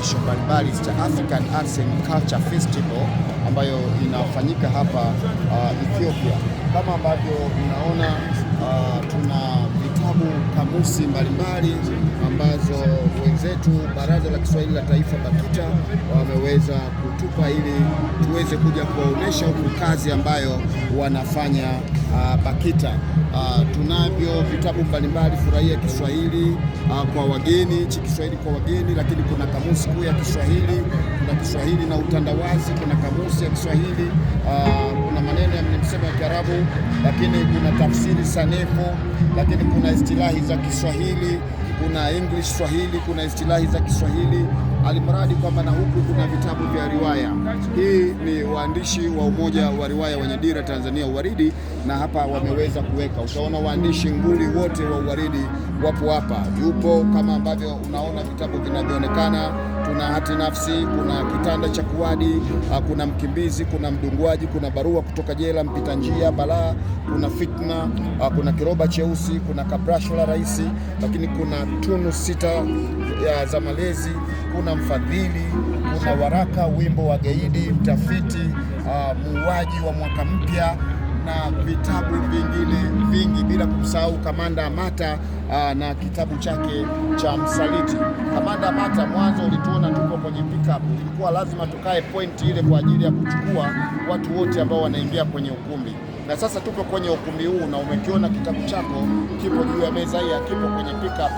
maonyesho mbalimbali cha African Arts and Culture Festival ambayo inafanyika hapa uh, Ethiopia. Kama ambavyo unaona uh, tuna vitabu kamusi mbalimbali ambazo wenzetu Baraza la Kiswahili la Taifa BAKITA wameweza kutupa ili tuweze kuja kuwaonesha huku kazi ambayo wanafanya uh, BAKITA. Uh, tunavyo vitabu mbalimbali, Furahia Kiswahili uh, kwa wageni, chi Kiswahili kwa wageni, lakini kuna kamusi kuu ya Kiswahili, kuna Kiswahili na utandawazi, kuna kamusi ya Kiswahili uh, kuna maneno ya msemo ya Kiarabu, lakini kuna tafsiri sanifu, lakini kuna istilahi za Kiswahili kuna English Swahili, kuna istilahi za Kiswahili, alimradi kwamba na huku kuna vitabu vya riwaya. Hii ni waandishi wa Umoja wa Riwaya wenye Dira Tanzania, Uwaridi, na hapa wameweza kuweka, utaona waandishi nguli wote wa Uwaridi wapo hapa. Yupo kama ambavyo unaona vitabu vinavyoonekana, tuna hati nafsi, kuna kitanda cha kuwadi, ah, kuna mkimbizi, kuna mdunguaji, kuna barua kutoka jela, mpita njia, balaa kuna fitna, uh, kuna kiroba cheusi, kuna kabrasho la rais, lakini kuna tunu sita za malezi, kuna mfadhili, kuna waraka, wimbo wa gaidi, mtafiti, uh, muuaji wa mwaka mpya na vitabu vingine vingi, bila kumsahau Kamanda Amata uh, na kitabu chake cha Msaliti. Kamanda Amata, mwanzo ulituona tuko kwenye pickup, ilikuwa lazima tukae pointi ile kwa ajili ya kuchukua watu wote ambao wanaingia kwenye ukumbi na sasa tupo kwenye ukumbi huu na umekiona kitabu chako kipo juu ya meza hii, kipo kwenye pickup.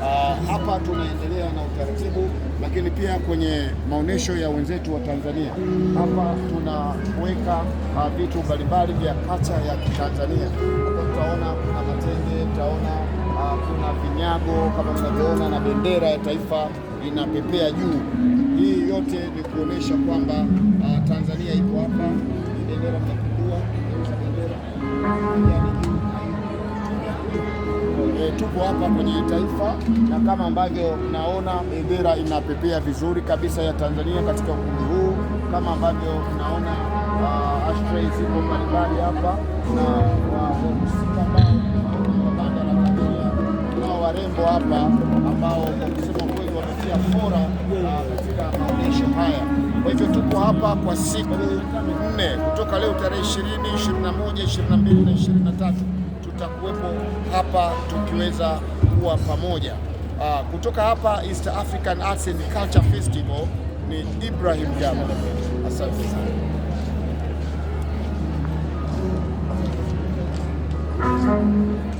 Uh, hapa tunaendelea na utaratibu, lakini pia kwenye maonyesho ya wenzetu wa Tanzania hapa tunaweka uh, vitu mbalimbali vya kacha ya Kitanzania. tutaona kuna matende, tutaona uh, kuna vinyago kama tunavyoona na bendera ya taifa inapepea juu. Hii yote ni kuonesha kwamba uh, Tanzania ipo hapa, bendera mnapindua tuko hapa kwenye taifa, na kama ambavyo mnaona bendera inapepea vizuri kabisa ya Tanzania katika ukumbi huu, kama ambavyo mnaona uh, ashtray zipo mbalimbali hapa na uh, wahusika banda la Tanzania nao warembo hapa ambao kwa kusema kweli wametia fora uh, katika maonyesho haya. Kwa hivyo tuko hapa kwa siku nne kutoka leo tarehe 20, 21, 22 na 23 tutakuwepo hapa tukiweza kuwa pamoja. Uh, kutoka hapa East African Arts and Culture Festival ni Ibrahim Jama. Asante sana. Um,